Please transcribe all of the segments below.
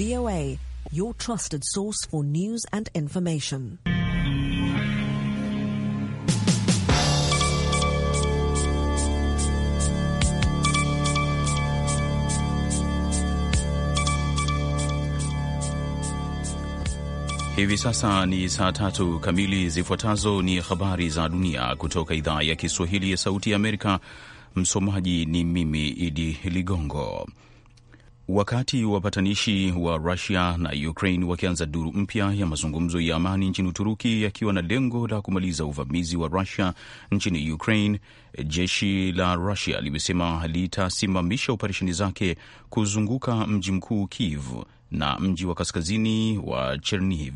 VOA, your trusted source for news and information. Hivi sasa ni saa tatu kamili. Zifuatazo ni habari za dunia kutoka idhaa ya Kiswahili ya Sauti ya Amerika. Msomaji ni mimi Idi Ligongo. Wakati wapatanishi wa Rusia na Ukraine wakianza duru mpya ya mazungumzo ya amani nchini Uturuki yakiwa na lengo la kumaliza uvamizi wa Rusia nchini Ukraine, jeshi la Rusia limesema litasimamisha operesheni zake kuzunguka mji mkuu Kiev na mji wa kaskazini wa Chernihiv.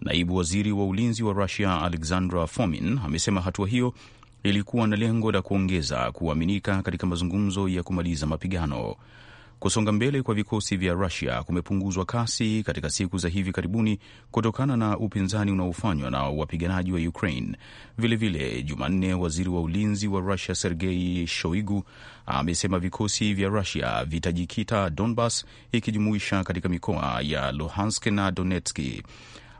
Naibu waziri wa ulinzi wa Rusia Alexandra Fomin amesema hatua hiyo ilikuwa na lengo la kuongeza kuaminika katika mazungumzo ya kumaliza mapigano. Kusonga mbele kwa vikosi vya Rusia kumepunguzwa kasi katika siku za hivi karibuni kutokana na upinzani unaofanywa na wapiganaji wa Ukraine. Vilevile Jumanne, waziri wa ulinzi wa Rusia Sergei Shoigu amesema vikosi vya Rusia vitajikita Donbas, ikijumuisha katika mikoa ya Luhansk na Donetski.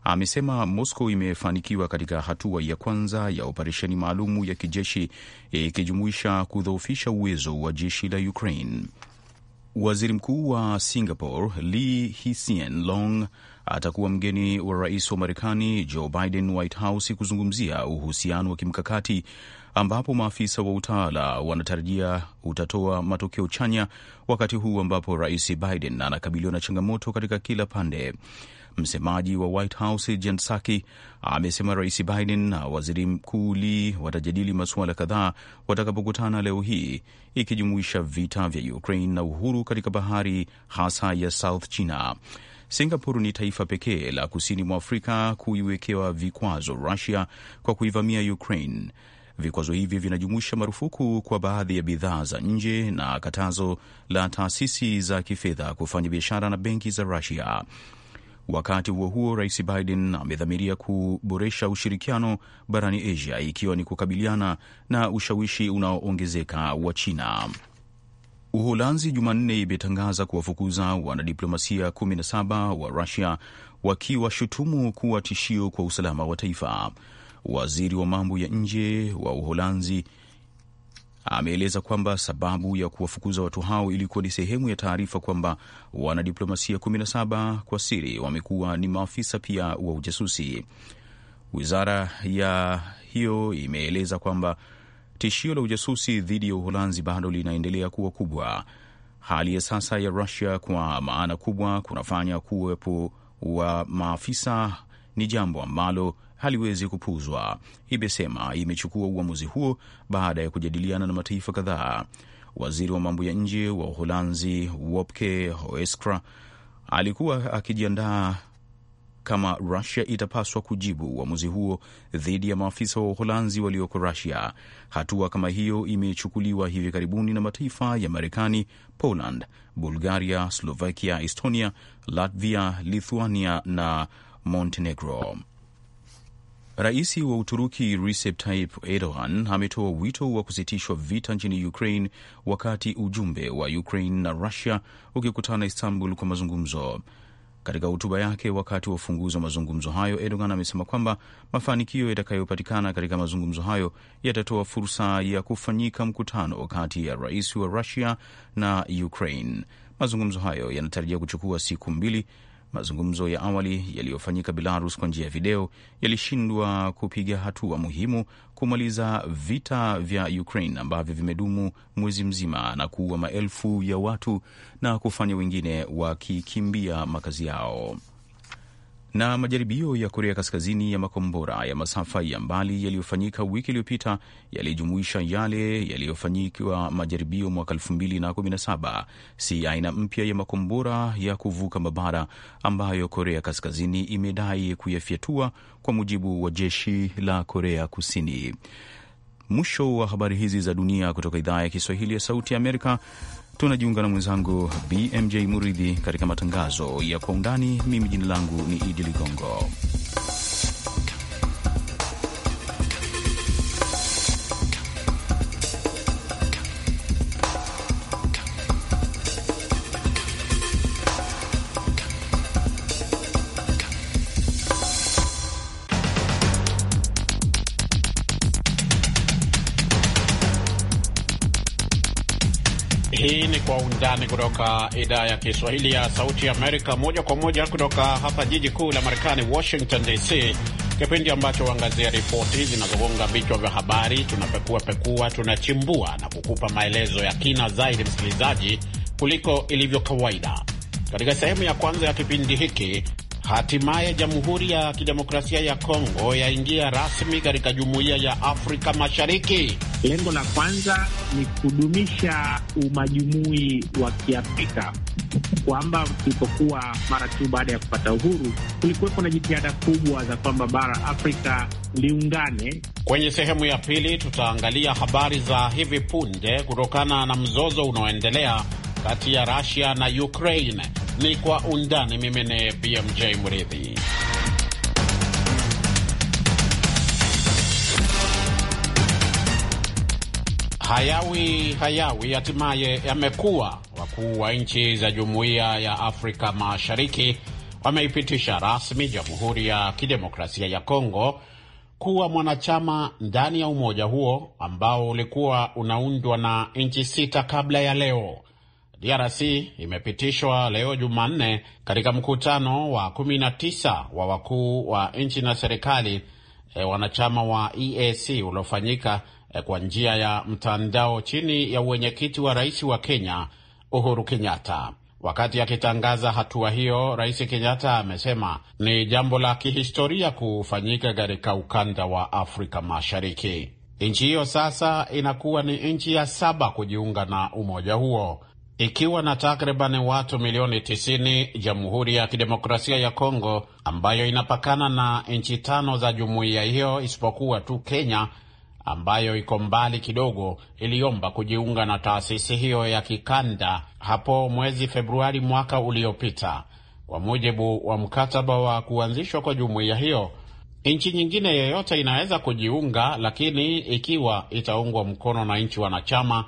Amesema Moscow imefanikiwa katika hatua ya kwanza ya operesheni maalumu ya kijeshi ikijumuisha kudhoofisha uwezo wa jeshi la Ukraine. Waziri Mkuu wa Singapore Lee Hsien Loong atakuwa mgeni wa rais wa Marekani Joe Biden White House kuzungumzia uhusiano wa kimkakati ambapo maafisa wa utawala wanatarajia utatoa matokeo chanya, wakati huu ambapo rais Biden anakabiliwa na changamoto katika kila pande. Msemaji wa White House Jen Psaki amesema Rais Biden na Waziri Mkuu Li watajadili masuala kadhaa watakapokutana leo hii, ikijumuisha vita vya Ukraine na uhuru katika bahari hasa ya South China. Singapore ni taifa pekee la kusini mwa Afrika kuiwekewa vikwazo Rusia kwa kuivamia Ukraine. Vikwazo hivi vinajumuisha marufuku kwa baadhi ya bidhaa za nje na katazo la taasisi za kifedha kufanya biashara na benki za Rusia. Wakati huo huo, Rais Biden amedhamiria kuboresha ushirikiano barani Asia, ikiwa ni kukabiliana na ushawishi unaoongezeka wa China. Uholanzi Jumanne imetangaza kuwafukuza wanadiplomasia 17 wa Rusia wakiwashutumu kuwa tishio kwa usalama wa taifa. Waziri wa mambo ya nje wa Uholanzi ameeleza kwamba sababu ya kuwafukuza watu hao ilikuwa ni sehemu ya taarifa kwamba wanadiplomasia 17 kwa siri wamekuwa ni maafisa pia wa ujasusi. Wizara ya hiyo imeeleza kwamba tishio la ujasusi dhidi ya Uholanzi bado linaendelea kuwa kubwa. Hali ya sasa ya Rusia kwa maana kubwa kunafanya kuwepo wa maafisa ni jambo ambalo haliwezi kupuzwa imesema imechukua uamuzi huo baada ya kujadiliana na mataifa kadhaa. Waziri wa mambo ya nje wa Uholanzi Wopke Hoekstra alikuwa akijiandaa kama Rusia itapaswa kujibu uamuzi huo dhidi ya maafisa wa Uholanzi walioko Rusia. Hatua kama hiyo imechukuliwa hivi karibuni na mataifa ya Marekani, Poland, Bulgaria, Slovakia, Estonia, Latvia, Lithuania na Montenegro. Rais wa Uturuki Recep Tayyip Erdogan ametoa wito wa kusitishwa vita nchini Ukraine wakati ujumbe wa Ukraine na russia ukikutana Istanbul kwa mazungumzo. Katika hotuba yake wakati wa ufunguzi wa mazungumzo hayo, Erdogan amesema kwamba mafanikio yatakayopatikana katika mazungumzo hayo yatatoa fursa ya kufanyika mkutano kati ya rais wa Rusia na Ukraine. Mazungumzo hayo yanatarajia kuchukua siku mbili Mazungumzo ya awali yaliyofanyika Belarus kwa njia ya video yalishindwa kupiga hatua muhimu kumaliza vita vya Ukraine ambavyo vimedumu mwezi mzima na kuua maelfu ya watu na kufanya wengine wakikimbia makazi yao na majaribio ya Korea Kaskazini ya makombora ya masafa ya mbali yaliyofanyika wiki iliyopita yalijumuisha yale yaliyofanyikiwa majaribio mwaka 2017 si aina mpya ya makombora ya kuvuka mabara ambayo Korea Kaskazini imedai kuyafyatua kwa mujibu wa jeshi la Korea Kusini. Mwisho wa habari hizi za dunia kutoka idhaa ya Kiswahili ya Sauti ya Amerika tunajiunga na mwenzangu BMJ Muridhi katika matangazo ya kwa undani. Mimi jina langu ni Idi Ligongo. Undani kutoka idhaa ya Kiswahili ya Sauti Amerika, moja kwa moja kutoka hapa jiji kuu la Marekani, Washington DC, kipindi ambacho huangazia ripoti zinazogonga vichwa vya habari. Tunapekua pekua, tunachimbua na kukupa maelezo ya kina zaidi, msikilizaji, kuliko ilivyo kawaida. Katika sehemu ya kwanza ya kipindi hiki, hatimaye Jamhuri ya Kidemokrasia ya Kongo yaingia rasmi katika Jumuiya ya Afrika Mashariki. Lengo la kwanza ni kudumisha umajumui wa Kiafrika, kwamba tulipokuwa mara tu baada ya kupata uhuru kulikuwepo na jitihada kubwa za kwamba bara Afrika liungane. Kwenye sehemu ya pili, tutaangalia habari za hivi punde kutokana na mzozo unaoendelea kati ya Russia na Ukraine. Ni kwa undani. Mimi ni BMJ Mridhi. Hayawi hayawi hatimaye yamekuwa. Wakuu wa nchi za Jumuiya ya Afrika Mashariki wameipitisha rasmi Jamhuri ya Kidemokrasia ya Kongo kuwa mwanachama ndani ya umoja huo ambao ulikuwa unaundwa na nchi sita kabla ya leo. DRC imepitishwa leo Jumanne katika mkutano wa 19 wa wakuu wa nchi na serikali e, wanachama wa EAC uliofanyika Eh, kwa njia ya mtandao chini ya uwenyekiti wa rais wa Kenya Uhuru Kenyatta. Wakati akitangaza hatua hiyo, Rais Kenyatta amesema ni jambo la kihistoria kufanyika katika ukanda wa Afrika Mashariki. Nchi hiyo sasa inakuwa ni nchi ya saba kujiunga na umoja huo ikiwa na takriban watu milioni 90. Jamhuri ya Kidemokrasia ya Kongo ambayo inapakana na nchi tano za jumuiya hiyo isipokuwa tu Kenya ambayo iko mbali kidogo iliomba kujiunga na taasisi hiyo ya kikanda hapo mwezi Februari mwaka uliopita. Kwa mujibu wa mkataba wa kuanzishwa kwa jumuiya hiyo, nchi nyingine yoyote inaweza kujiunga, lakini ikiwa itaungwa mkono na nchi wanachama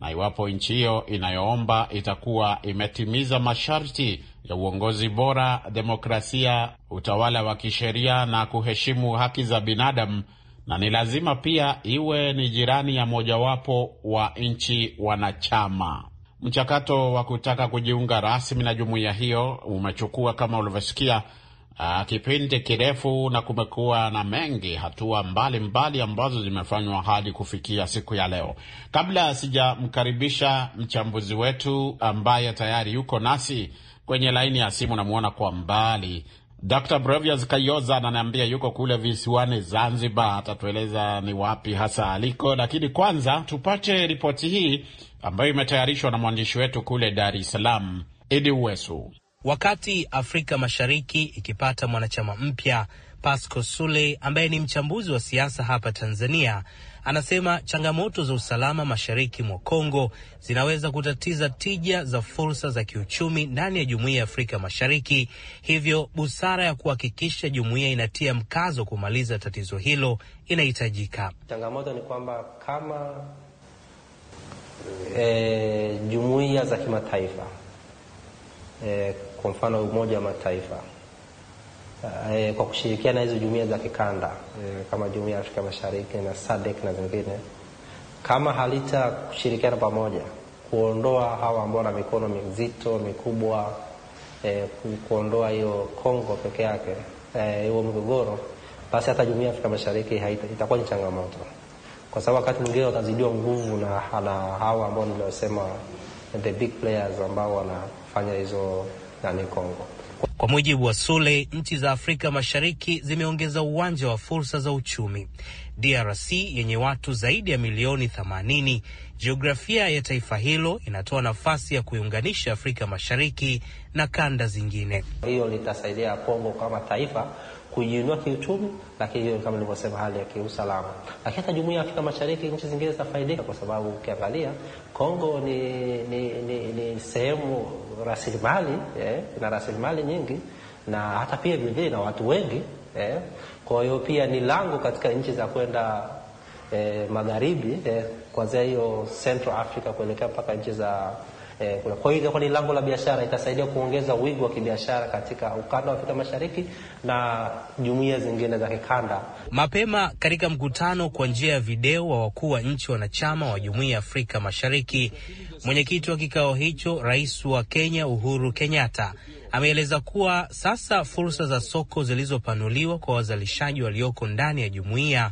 na iwapo nchi hiyo inayoomba itakuwa imetimiza masharti ya uongozi bora, demokrasia, utawala wa kisheria na kuheshimu haki za binadamu na ni lazima pia iwe ni jirani ya mojawapo wa nchi wanachama. Mchakato wa kutaka kujiunga rasmi na jumuiya hiyo umechukua kama ulivyosikia, uh, kipindi kirefu na kumekuwa na mengi hatua mbalimbali mbali ambazo zimefanywa hadi kufikia siku ya leo. Kabla sijamkaribisha mchambuzi wetu ambaye tayari yuko nasi kwenye laini ya simu, namwona kwa mbali Dr. Brevias Kayoza ananiambia yuko kule visiwani Zanzibar, atatueleza ni wapi hasa aliko, lakini kwanza tupate ripoti hii ambayo imetayarishwa na mwandishi wetu kule Dar es Salaam, Idi Uwesu. Wakati Afrika Mashariki ikipata mwanachama mpya Pasco Sule ambaye ni mchambuzi wa siasa hapa Tanzania Anasema changamoto za usalama mashariki mwa Kongo zinaweza kutatiza tija za fursa za kiuchumi ndani ya jumuiya ya Afrika Mashariki, hivyo busara ya kuhakikisha jumuiya inatia mkazo kumaliza tatizo hilo inahitajika. Changamoto ni kwamba kama e, jumuiya za kimataifa e, kwa mfano Umoja wa Mataifa e, kwa kushirikiana hizo jumuiya za kikanda e, kama jumuiya ya Afrika Mashariki na SADC na zingine, kama halita kushirikiana pamoja kuondoa hawa ambao na mikono mizito mikubwa e, kuondoa hiyo Kongo peke yake huo e, mgogoro, basi hata jumuiya ya Afrika Mashariki itakuwa ni changamoto, kwa sababu wakati mwingine watazidiwa nguvu na, na hawa ambao niliosema the big players ambao wanafanya hizo nani Kongo. Kwa mujibu wa Sule, nchi za Afrika Mashariki zimeongeza uwanja wa fursa za uchumi. DRC yenye watu zaidi ya milioni 80, jiografia ya taifa hilo inatoa nafasi ya kuiunganisha Afrika Mashariki na kanda zingine. Hiyo litasaidia Kongo kama taifa kujiinua kiuchumi, lakini kama nilivyosema, hali ya kiusalama. Lakini hata jumuiya ya Afrika Mashariki, nchi zingine zinafaidika, kwa sababu ukiangalia Kongo ni, ni, ni, ni sehemu rasilimali eh, na rasilimali nyingi na hata pia vilevile na watu wengi eh. Kwa hiyo pia ni lango katika nchi za kwenda eh, magharibi eh, kuanzia hiyo Central Africa kuelekea mpaka nchi za eh, kule. Kwa hiyo ni lango la biashara, itasaidia kuongeza wigo wa kibiashara katika ukanda wa Afrika Mashariki na jumuiya zingine za kikanda. Mapema katika mkutano kwa njia ya video wa wakuu wa nchi wanachama wa jumuiya ya Afrika Mashariki, mwenyekiti wa kikao hicho, Rais wa Kenya Uhuru Kenyatta ameeleza kuwa sasa fursa za soko zilizopanuliwa kwa wazalishaji walioko ndani ya jumuiya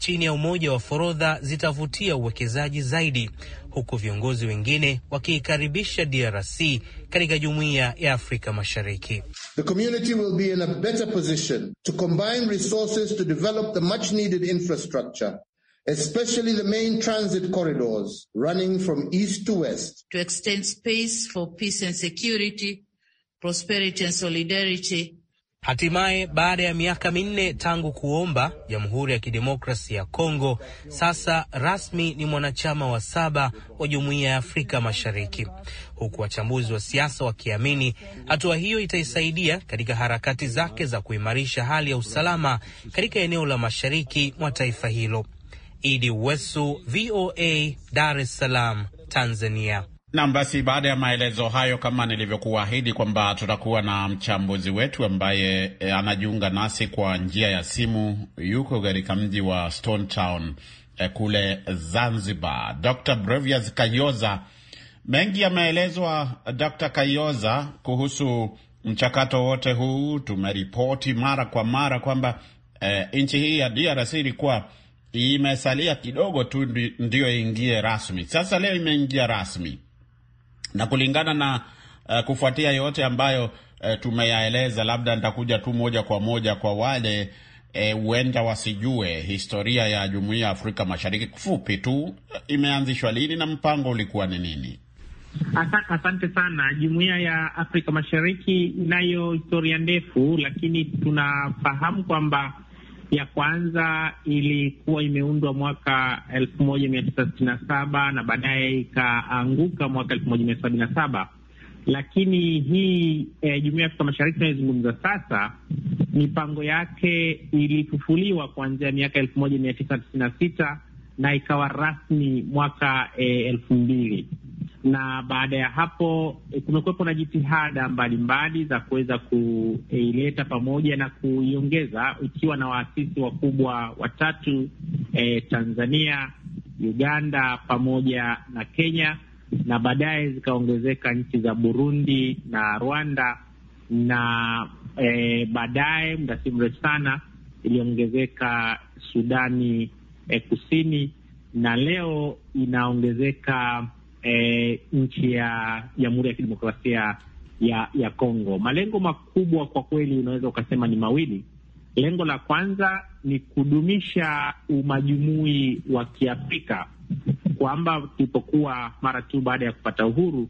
chini ya umoja wa forodha zitavutia uwekezaji zaidi, huku viongozi wengine wakiikaribisha DRC katika jumuiya ya Afrika Mashariki. The community will be in a better position to combine resources to develop the much needed infrastructure especially the main transit corridors running from east to west to extend space for peace and security, prosperity and solidarity Hatimaye baada ya miaka minne tangu kuomba, Jamhuri ya kidemokrasi ya Kongo sasa rasmi ni mwanachama wa saba wa Jumuiya ya Afrika Mashariki, huku wachambuzi wa siasa wakiamini hatua hiyo itaisaidia katika harakati zake za kuimarisha hali ya usalama katika eneo la mashariki mwa taifa hilo. Idi Wesu, VOA, Dar es Salaam, Tanzania. Nam, basi baada ya maelezo hayo, kama nilivyokuahidi kwamba tutakuwa na mchambuzi wetu ambaye e, anajiunga nasi kwa njia ya simu, yuko katika mji wa Stone Town e, kule Zanzibar, Dr. Brevias Kayoza. Mengi yameelezwa Dr. Kayoza kuhusu mchakato wote huu. Tumeripoti mara kwa mara kwamba e, nchi hii ya DRC ilikuwa imesalia kidogo tu ndiyo ingie rasmi. Sasa leo imeingia rasmi na kulingana na uh, kufuatia yote ambayo uh, tumeyaeleza, labda nitakuja tu moja kwa moja kwa wale eh, huenda e, wasijue historia ya Jumuiya ya Afrika Mashariki. kifupi tu, imeanzishwa lini na mpango ulikuwa ni nini? Asante sana. Jumuiya ya Afrika Mashariki inayo historia ndefu, lakini tunafahamu kwamba ya kwanza ilikuwa imeundwa mwaka elfu moja mia tisa sitini na saba na baadaye ikaanguka mwaka elfu moja mia tisa sabini na saba lakini hii eh, jumuiya ya Afrika Mashariki inayozungumza sasa, mipango yake ilifufuliwa kuanzia miaka elfu moja mia tisa tisini na sita na ikawa rasmi mwaka eh, elfu mbili na baada ya hapo eh, kumekuwepo na jitihada mbalimbali za kuweza kuileta pamoja na kuiongeza, ikiwa na waasisi wakubwa watatu e, Tanzania, Uganda pamoja na Kenya, na baadaye zikaongezeka nchi za Burundi na Rwanda, na e, baadaye muda si mrefu sana iliongezeka Sudani e, Kusini, na leo inaongezeka e, nchi ya Jamhuri ya, ya Kidemokrasia ya ya Kongo. Malengo makubwa kwa kweli unaweza ukasema ni mawili. Lengo la kwanza ni kudumisha umajumui wa Kiafrika, kwamba tulipokuwa mara tu baada ya kupata uhuru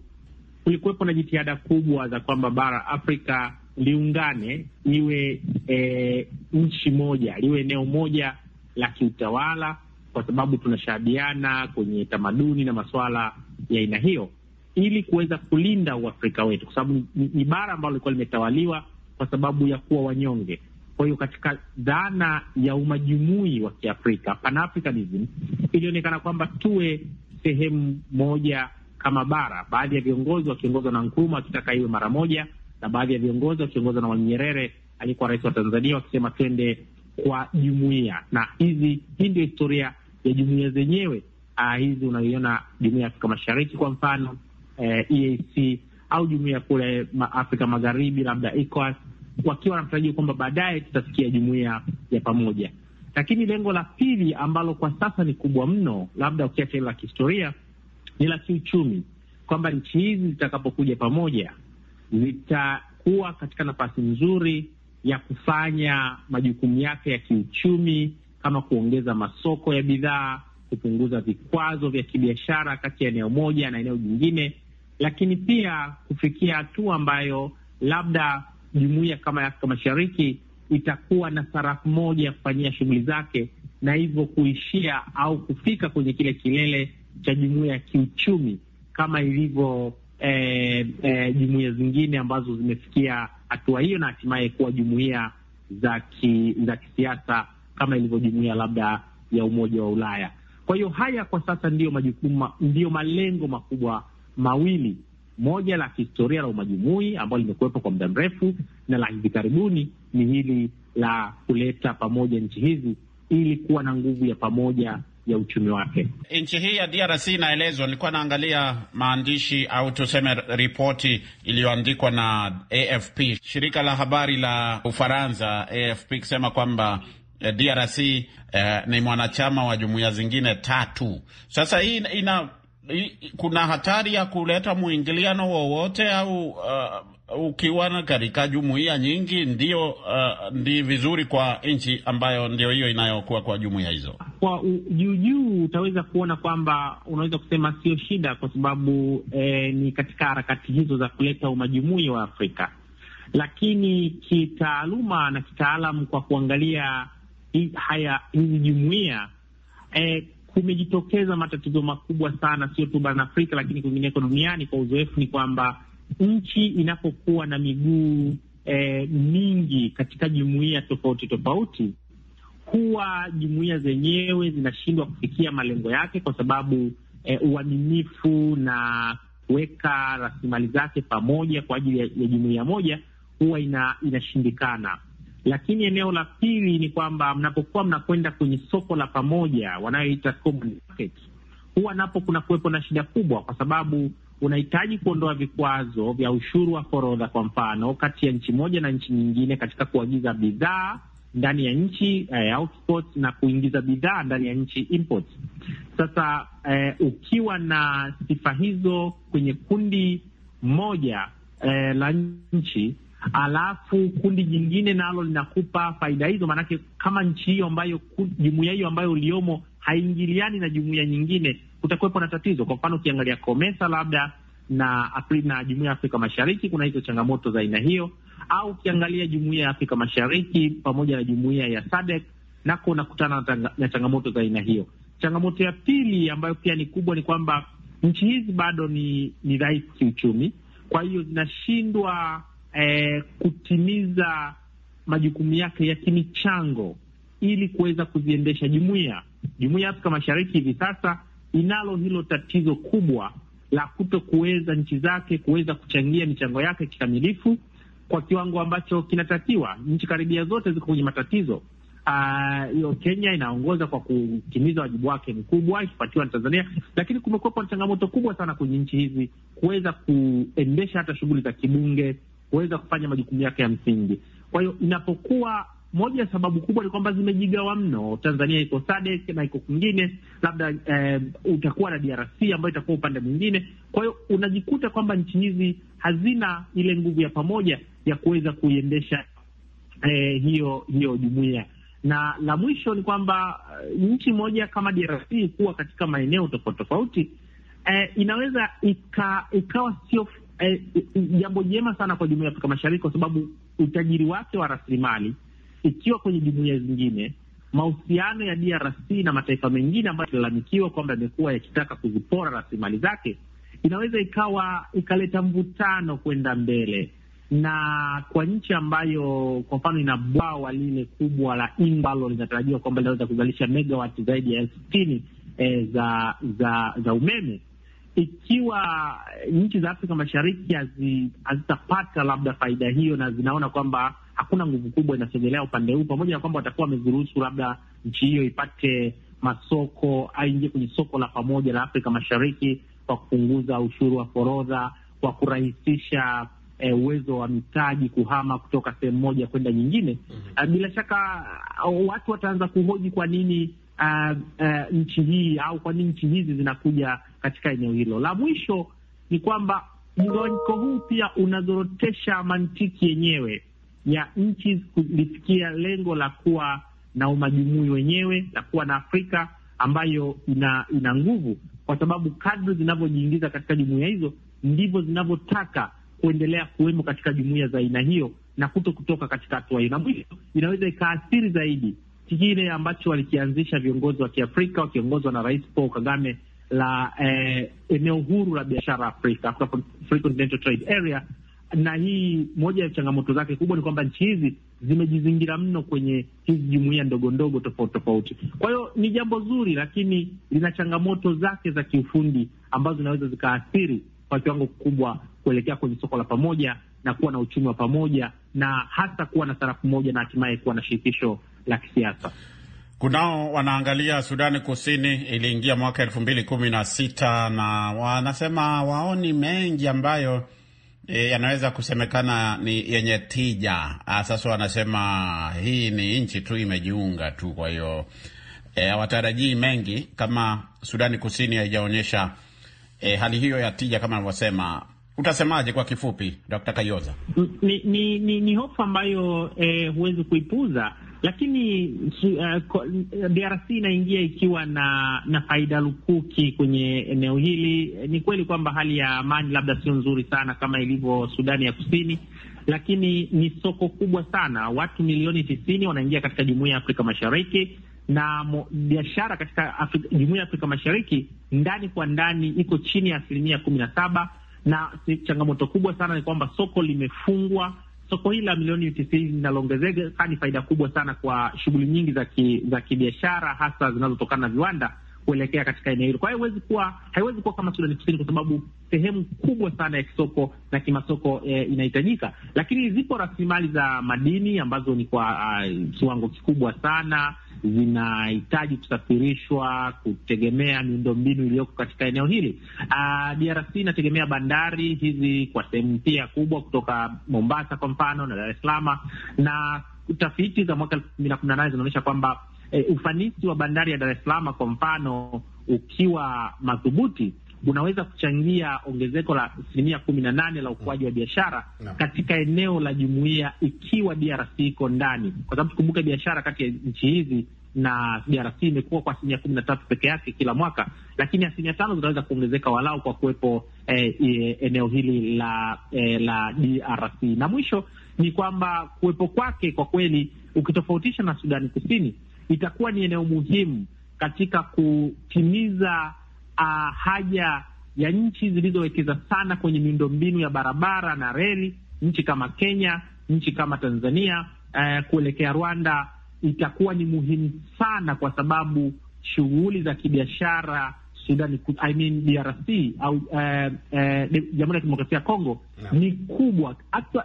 kulikuwepo na jitihada kubwa za kwamba bara Afrika liungane liwe e, nchi moja liwe eneo moja la kiutawala, kwa sababu tunashahabiana kwenye tamaduni na masuala ya aina hiyo ili kuweza kulinda uafrika wetu, kwa sababu ni bara ambalo lilikuwa limetawaliwa kwa sababu ya kuwa wanyonge. Kwa hiyo katika dhana ya umajumui wa Kiafrika, panafricanism, ilionekana kwamba tuwe sehemu moja kama bara, baadhi ya viongozi wakiongozwa na Nkrumah wakitaka iwe mara moja, na baadhi ya viongozi wakiongozwa na Mwalimu Nyerere aliyekuwa rais wa Tanzania wakisema twende kwa jumuia, na hizi hii ndio historia ya jumuia zenyewe uh, hizi unaiona jumuia ya Afrika Mashariki kwa mfano eh, EAC au jumuia kule Afrika Magharibi labda ECOWAS, wakiwa wanatarajia kwamba baadaye tutasikia jumuia ya pamoja. Lakini lengo la pili ambalo kwa sasa ni kubwa mno, labda ukiacha hilo la kihistoria, ni la kiuchumi, kwamba nchi hizi zitakapokuja pamoja zitakuwa katika nafasi nzuri ya kufanya majukumu yake ya kiuchumi kama kuongeza masoko ya bidhaa, kupunguza vikwazo vya kibiashara kati ya eneo moja na eneo jingine, lakini pia kufikia hatua ambayo labda jumuiya kama ya Afrika Mashariki itakuwa na sarafu moja ya kufanyia shughuli zake na hivyo kuishia au kufika kwenye kile kilele cha jumuiya ya kiuchumi kama ilivyo eh, eh, jumuiya zingine ambazo zimefikia hatua hiyo na hatimaye kuwa jumuiya za ki, za kisiasa kama ilivyo jumuiya labda ya Umoja wa Ulaya. Kwa hiyo haya kwa sasa ndiyo majukumu, ndiyo malengo makubwa mawili, moja la kihistoria la umajumui ambalo limekuwepo kwa muda mrefu, na la hivi karibuni ni hili la kuleta pamoja nchi hizi ili kuwa na nguvu ya pamoja ya uchumi wake. Nchi hii ya DRC inaelezwa, nilikuwa naangalia maandishi au tuseme ripoti iliyoandikwa na AFP, shirika la habari la Ufaransa AFP, kusema kwamba Eh, DRC eh, ni mwanachama wa jumuiya zingine tatu. Sasa hii ina hii, kuna hatari ya kuleta mwingiliano wowote au uh, ukiwa katika jumuiya nyingi ndio uh, ndi vizuri kwa nchi ambayo ndio hiyo inayokuwa kwa jumuiya hizo. Kwa juujuu utaweza kuona kwamba unaweza kusema sio shida, kwa sababu eh, ni katika harakati hizo za kuleta umajumuiya wa Afrika, lakini kitaaluma na kitaalamu kwa kuangalia haya hizi jumuia eh, kumejitokeza matatizo makubwa sana, sio tu barani Afrika lakini kwingineko duniani. Kwa uzoefu ni kwamba nchi inapokuwa na miguu eh, mingi katika jumuia tofauti tofauti, huwa jumuia zenyewe zinashindwa kufikia malengo yake kwa sababu eh, uaminifu na kuweka rasilimali zake pamoja kwa ajili ya, ya jumuia moja huwa ina, inashindikana. Lakini eneo la pili ni kwamba mnapokuwa mnakwenda kwenye soko la pamoja wanayoita common market, huwa napo kuna kuwepo na shida kubwa, kwa sababu unahitaji kuondoa vikwazo vya ushuru wa forodha, kwa mfano, kati ya nchi moja na nchi nyingine katika kuagiza bidhaa ndani ya nchi eh, outport, na kuingiza bidhaa ndani ya nchi import. Sasa eh, ukiwa na sifa hizo kwenye kundi moja eh, la nchi alafu kundi jingine nalo linakupa faida hizo, maanake kama nchi hiyo ambayo jumuiya hiyo ambayo uliomo haingiliani na jumuiya nyingine, kutakuwepo na tatizo. Kwa mfano ukiangalia Komesa labda na Afri, na jumuiya ya Afrika Mashariki kuna hizo changamoto za aina hiyo, au ukiangalia jumuiya ya Afrika Mashariki pamoja na jumuiya ya SADC nako unakutana na changamoto za aina hiyo. Changamoto ya pili ambayo pia ni kubwa ni kwamba nchi hizi bado ni ni dhaifu kiuchumi, kwa hiyo zinashindwa eh, kutimiza majukumu yake ya kimichango ili kuweza kuziendesha jumuiya. Jumuiya ya Afrika Mashariki hivi sasa inalo hilo tatizo kubwa la kuto kuweza nchi zake kuweza kuchangia michango yake kikamilifu kwa kiwango ambacho kinatakiwa. Nchi karibia zote ziko kwenye matatizo ah, hiyo. Uh, Kenya inaongoza kwa kutimiza wajibu wake mkubwa ikifuatiwa na Tanzania, lakini kumekuwepo na changamoto kubwa sana kwenye nchi hizi kuweza kuendesha hata shughuli za kibunge kuweza kufanya majukumu yake ya msingi. Kwa hiyo inapokuwa moja ya sababu kubwa ni kwamba zimejigawa mno. Tanzania iko SADC na iko kwingine, labda eh, utakuwa na DRC ambayo itakuwa upande mwingine. Kwa hiyo unajikuta kwamba nchi hizi hazina ile nguvu ya pamoja ya kuweza kuiendesha eh, hiyo hiyo jumuiya. Na la mwisho ni kwamba eh, nchi moja kama DRC kuwa katika maeneo tofauti tofauti, eh, inaweza ika, ikawa sio eh, jambo jema sana kwa jumuiya ya Afrika Mashariki kwa sababu utajiri wake wa rasilimali ikiwa kwenye jumuiya zingine, mahusiano ya DRC na mataifa mengine ambayo yalalamikiwa kwamba yamekuwa yakitaka kuzipora rasilimali zake, inaweza ikawa ikaleta mvutano kwenda mbele na kwa nchi ambayo kwa mfano ina bwawa lile kubwa la ambalo linatarajiwa kwamba linaweza kuzalisha megawati zaidi ya elfu sitini eh, za, za za umeme ikiwa nchi za Afrika Mashariki hazitapata labda faida hiyo na zinaona kwamba hakuna nguvu kubwa inasogelea upande huu, pamoja na kwamba watakuwa wameziruhusu labda nchi hiyo ipate masoko, aingie kwenye soko la pamoja la Afrika Mashariki kwa kupunguza ushuru wa forodha, kwa kurahisisha eh, uwezo wa mitaji kuhama kutoka sehemu moja kwenda nyingine. Mm -hmm. Bila shaka watu wataanza kuhoji kwa nini uh, uh, nchi hii au kwa nini nchi hizi zinakuja katika eneo hilo. La mwisho ni kwamba mgawanyiko huu pia unazorotesha mantiki yenyewe ya nchi kulifikia lengo la kuwa na umajumui wenyewe la kuwa na Afrika ambayo ina ina nguvu, kwa sababu kadri zinavyojiingiza katika jumuiya hizo ndivyo zinavyotaka kuendelea kuwemo katika jumuiya za aina hiyo na kuto kutoka katika hatua hiyo, na mwisho inaweza ikaathiri zaidi kile ambacho walikianzisha viongozi wa Kiafrika wakiongozwa na Rais Paul Kagame la eh, eneo huru la biashara Afrika, Free Continental Trade Area. Na hii moja ya changamoto zake kubwa ni kwamba nchi hizi zimejizingira mno kwenye hizi jumuiya ndogo ndogo tofauti tofauti. Kwa hiyo ni jambo zuri, lakini lina changamoto zake za kiufundi ambazo zinaweza zikaathiri kwa kiwango kikubwa kuelekea kwenye soko la pamoja na kuwa na uchumi wa pamoja na hasa kuwa na sarafu moja na hatimaye kuwa na shirikisho la kisiasa. Kunao wanaangalia Sudani Kusini iliingia mwaka elfu mbili kumi na sita na wanasema waoni mengi ambayo e, yanaweza kusemekana ni yenye tija. Ah, sasa wanasema hii ni nchi tu imejiunga tu, kwa hiyo e, hawatarajii e, mengi kama Sudani Kusini haijaonyesha e, hali hiyo ya tija kama anavyosema. Utasemaje kwa kifupi, Dkt. Kayoza? Ni, ni, ni, ni hofu ambayo e, huwezi kuipuza lakini uh, uh DRC inaingia ikiwa na na faida lukuki kwenye eneo hili. Ni kweli kwamba hali ya amani labda sio nzuri sana kama ilivyo Sudani ya Kusini, lakini ni soko kubwa sana. Watu milioni tisini wanaingia katika jumuiya ya Afrika Mashariki na biashara katika jumuiya ya Afrika Mashariki ndani kwa ndani iko chini ya asilimia kumi na saba na changamoto kubwa sana ni kwamba soko limefungwa soko hili la milioni utc linaloongezeka ni faida kubwa sana kwa shughuli nyingi za kibiashara hasa zinazotokana na viwanda kuelekea katika eneo hilo. Kwa hiyo haiwezi kuwa kama Sudani Kusini, kwa sababu sehemu kubwa sana ya kisoko na kimasoko e, inahitajika, lakini zipo rasilimali za madini ambazo ni kwa uh, kiwango uh, kikubwa sana zinahitaji kusafirishwa kutegemea miundombinu iliyoko katika eneo hili. Uh, DRC inategemea bandari hizi kwa sehemu pia kubwa kutoka Mombasa kwa mfano na Dar es Salaam, na tafiti za mwaka elfu mbili na kumi na nane zinaonyesha kwamba e, ufanisi wa bandari ya Dar es Salaam kwa mfano ukiwa madhubuti unaweza kuchangia ongezeko la asilimia kumi na nane la ukuaji wa biashara no. katika eneo la jumuiya ikiwa DRC iko ndani, kwa sababu tukumbuke biashara kati ya nchi hizi na DRC imekuwa kwa asilimia kumi na tatu peke yake kila mwaka, lakini asilimia tano zinaweza kuongezeka walau kwa kuwepo eh, eh eneo hili la, eh, la DRC. Na mwisho ni kwamba kuwepo kwake kwa kweli ukitofautisha na Sudani Kusini itakuwa ni eneo muhimu katika kutimiza uh, haja ya nchi zilizowekeza sana kwenye miundombinu ya barabara na reli, nchi kama Kenya, nchi kama Tanzania uh, kuelekea Rwanda itakuwa ni muhimu sana, kwa sababu shughuli za kibiashara Sudani, I mean DRC au uh, uh, Jamhuri ya Kidemokrasia ya Kongo no. ni kubwa hata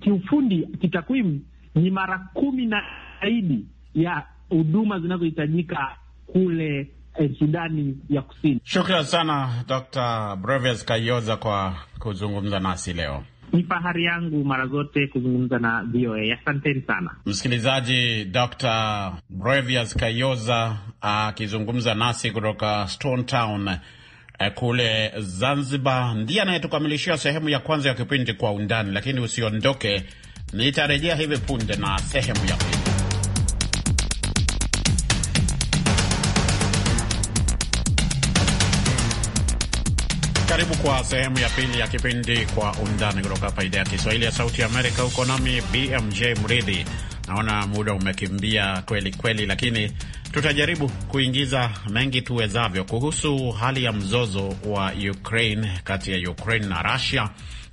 kiufundi kitakwimu ni mara kumi na zaidi ya huduma zinazohitajika kule eh, Sudani ya Kusini. Shukran sana Dr. Brevis Kayoza kwa kuzungumza nasi leo. Ni fahari yangu mara zote kuzungumza na VOA. Asanteni sana msikilizaji. Dr. Brevis Kayoza akizungumza nasi kutoka Stone Town eh, kule Zanzibar, ndiye anayetukamilishia sehemu ya kwanza ya kipindi Kwa Undani, lakini usiondoke, nitarejea hivi punde na sehemu ya pili. Karibu kwa sehemu ya pili ya kipindi Kwa Undani kutoka hapa idhaa ya Kiswahili ya Sauti ya Amerika. Uko nami BMJ Mridhi. Naona muda umekimbia kweli kweli, lakini tutajaribu kuingiza mengi tuwezavyo kuhusu hali ya mzozo wa Ukraine, kati ya Ukraine na Russia,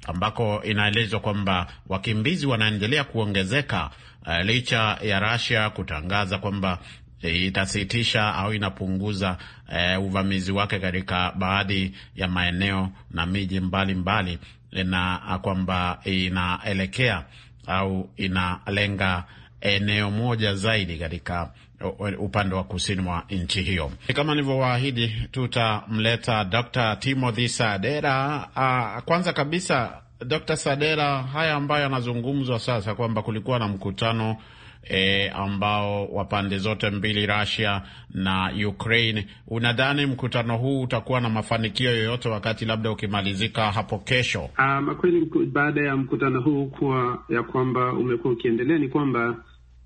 ambako inaelezwa kwamba wakimbizi wanaendelea kuongezeka eh, licha ya Russia kutangaza kwamba Eh, itasitisha au inapunguza eh, uvamizi wake katika baadhi ya maeneo na miji mbalimbali eh, na kwamba inaelekea au inalenga eneo moja zaidi katika eh, upande wa kusini mwa nchi hiyo. Kama nilivyowaahidi, tutamleta Dr. Timothy Sadera. Uh, kwanza kabisa Dr. Sadera, haya ambayo yanazungumzwa sasa kwamba kulikuwa na mkutano e, ambao wa pande zote mbili Russia na Ukraine, unadhani mkutano huu utakuwa na mafanikio yoyote wakati labda ukimalizika hapo kesho? Um, kweli baada ya mkutano huu kuwa ya kwamba umekuwa ukiendelea ni kwamba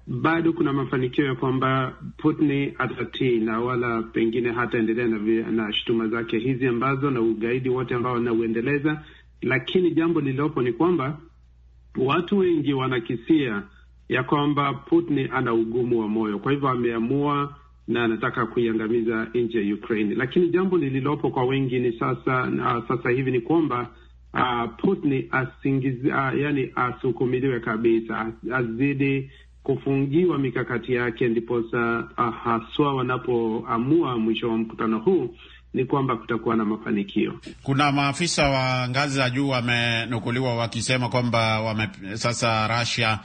bado kuna mafanikio ya kwamba Putin atatii na wala pengine hataendelea na, na shutuma zake hizi ambazo na ugaidi wote ambao wanauendeleza, lakini jambo lililopo ni kwamba watu wengi wanakisia ya kwamba Putin ana ugumu wa moyo, kwa hivyo ameamua na anataka kuiangamiza nchi ya Ukraine. Lakini jambo lililopo kwa wengi ni sasa na sasa hivi ni kwamba uh, Putin asingizi, uh, yani asukumiliwe kabisa, azidi kufungiwa mikakati yake, ndiposa uh, haswa wanapoamua mwisho wa mkutano huu ni kwamba kutakuwa na mafanikio. Kuna maafisa wa ngazi za juu wamenukuliwa wakisema kwamba wame, sasa Russia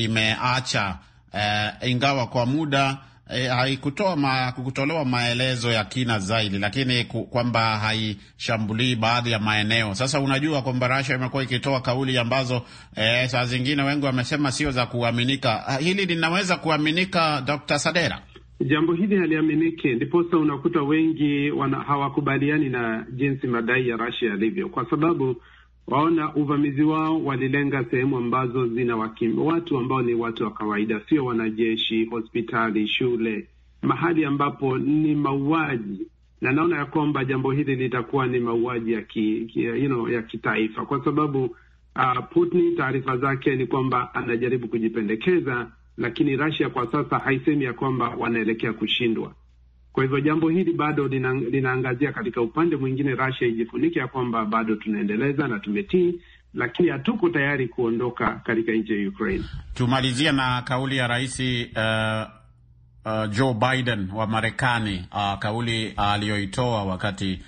imeacha uh, ingawa kwa muda E, haikutoa ma, kutolewa maelezo ya kina zaidi, lakini kwamba haishambulii baadhi ya maeneo. Sasa unajua kwamba Russia imekuwa ikitoa kauli ambazo e, saa zingine wengi wamesema sio za kuaminika. Ah, hili linaweza kuaminika, Dr. Sadera? Jambo hili haliaminiki, ndiposa unakuta wengi wana, hawakubaliani na jinsi madai ya Russia yalivyo, kwa sababu Waona uvamizi wao walilenga sehemu ambazo zina wakim, watu ambao ni watu wa kawaida, sio wanajeshi, hospitali, shule, mahali ambapo ni mauaji, na naona ya kwamba jambo hili litakuwa ni mauaji ya ki, ki, you know, ya kitaifa kwa sababu uh, Putin taarifa zake ni kwamba anajaribu kujipendekeza, lakini Russia kwa sasa haisemi ya kwamba wanaelekea kushindwa. Kwa hivyo jambo hili bado linaangazia katika upande mwingine, Russia ijifunike ya kwamba bado tunaendeleza na tumetii, lakini hatuko tayari kuondoka katika nchi ya Ukraine. Tumalizia na kauli ya rais uh, uh, Joe Biden wa Marekani, uh, kauli aliyoitoa uh, wakati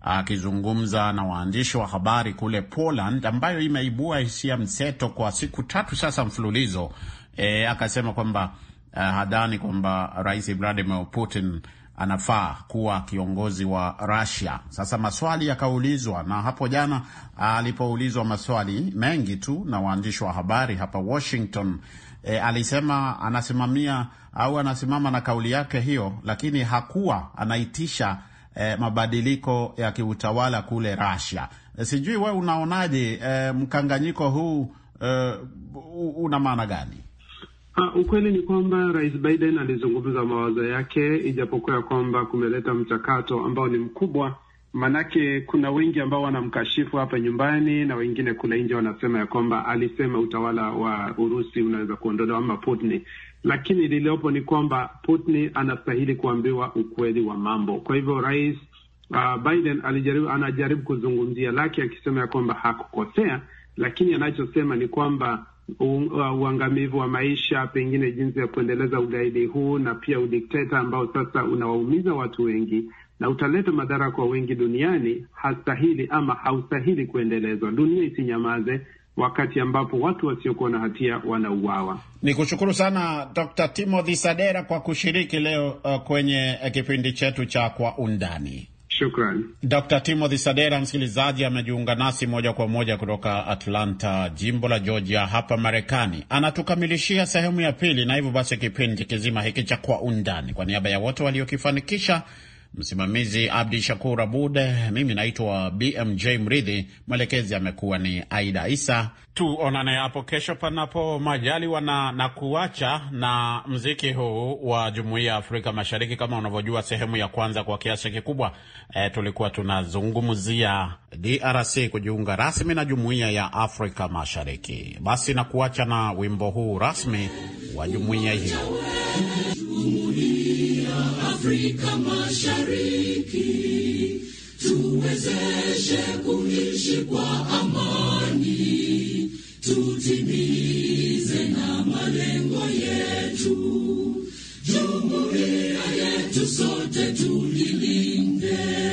akizungumza na waandishi wa habari kule Poland, ambayo imeibua hisia mseto kwa siku tatu sasa mfululizo. E, akasema kwamba uh, hadhani kwamba rais Vladimir Putin anafaa kuwa kiongozi wa Russia. Sasa maswali yakaulizwa, na hapo jana ah, alipoulizwa maswali mengi tu na waandishi wa habari hapa Washington, e, alisema anasimamia au anasimama na kauli yake hiyo, lakini hakuwa anaitisha e, mabadiliko ya kiutawala kule Russia. E, sijui we unaonaje, mkanganyiko huu e, una maana gani? Uh, ukweli ni kwamba Rais Biden alizungumza mawazo yake, ijapokuwa ya kwamba kumeleta mchakato ambao ni mkubwa, maanake kuna wengi ambao wanamkashifu hapa nyumbani na wengine kule nje wanasema ya kwamba alisema utawala wa Urusi unaweza kuondolewa ama Putin, lakini lililopo ni kwamba Putin anastahili kuambiwa ukweli wa mambo. Kwa hivyo Rais uh, Biden alijaribu, anajaribu kuzungumzia lake akisema ya kwamba hakukosea, lakini anachosema ni kwamba uangamivu wa maisha, pengine jinsi ya kuendeleza ugaidi huu na pia udikteta ambao sasa unawaumiza watu wengi na utaleta madhara kwa wengi duniani, hastahili ama haustahili kuendelezwa. Dunia isinyamaze wakati ambapo watu wasiokuwa na hatia wanauawa. Ni kushukuru sana Dr. Timothy Sadera kwa kushiriki leo uh, kwenye uh, kipindi chetu cha Kwa Undani. Shukran. Dr. Timothy Sadera, msikilizaji, amejiunga nasi moja kwa moja kutoka Atlanta, jimbo la Georgia, hapa Marekani. Anatukamilishia sehemu ya pili, na hivyo basi kipindi kizima hiki cha Kwa Undani, kwa niaba ya wote waliokifanikisha Msimamizi Abdi Shakur Abud, mimi naitwa BMJ Mridhi, mwelekezi amekuwa ni Aida Isa. Tuonane hapo kesho panapo majali wana na kuacha na mziki huu wa Jumuiya ya Afrika Mashariki. Kama unavyojua, sehemu ya kwanza kwa kiasi kikubwa e, tulikuwa tunazungumzia DRC kujiunga rasmi na Jumuiya ya Afrika Mashariki. Basi na kuacha na wimbo huu rasmi wa jumuiya hiyo. Afrika Mashariki tuwezeshe kuishi kwa amani, tutimize na malengo yetu, jumuiya yetu sote tulilinde.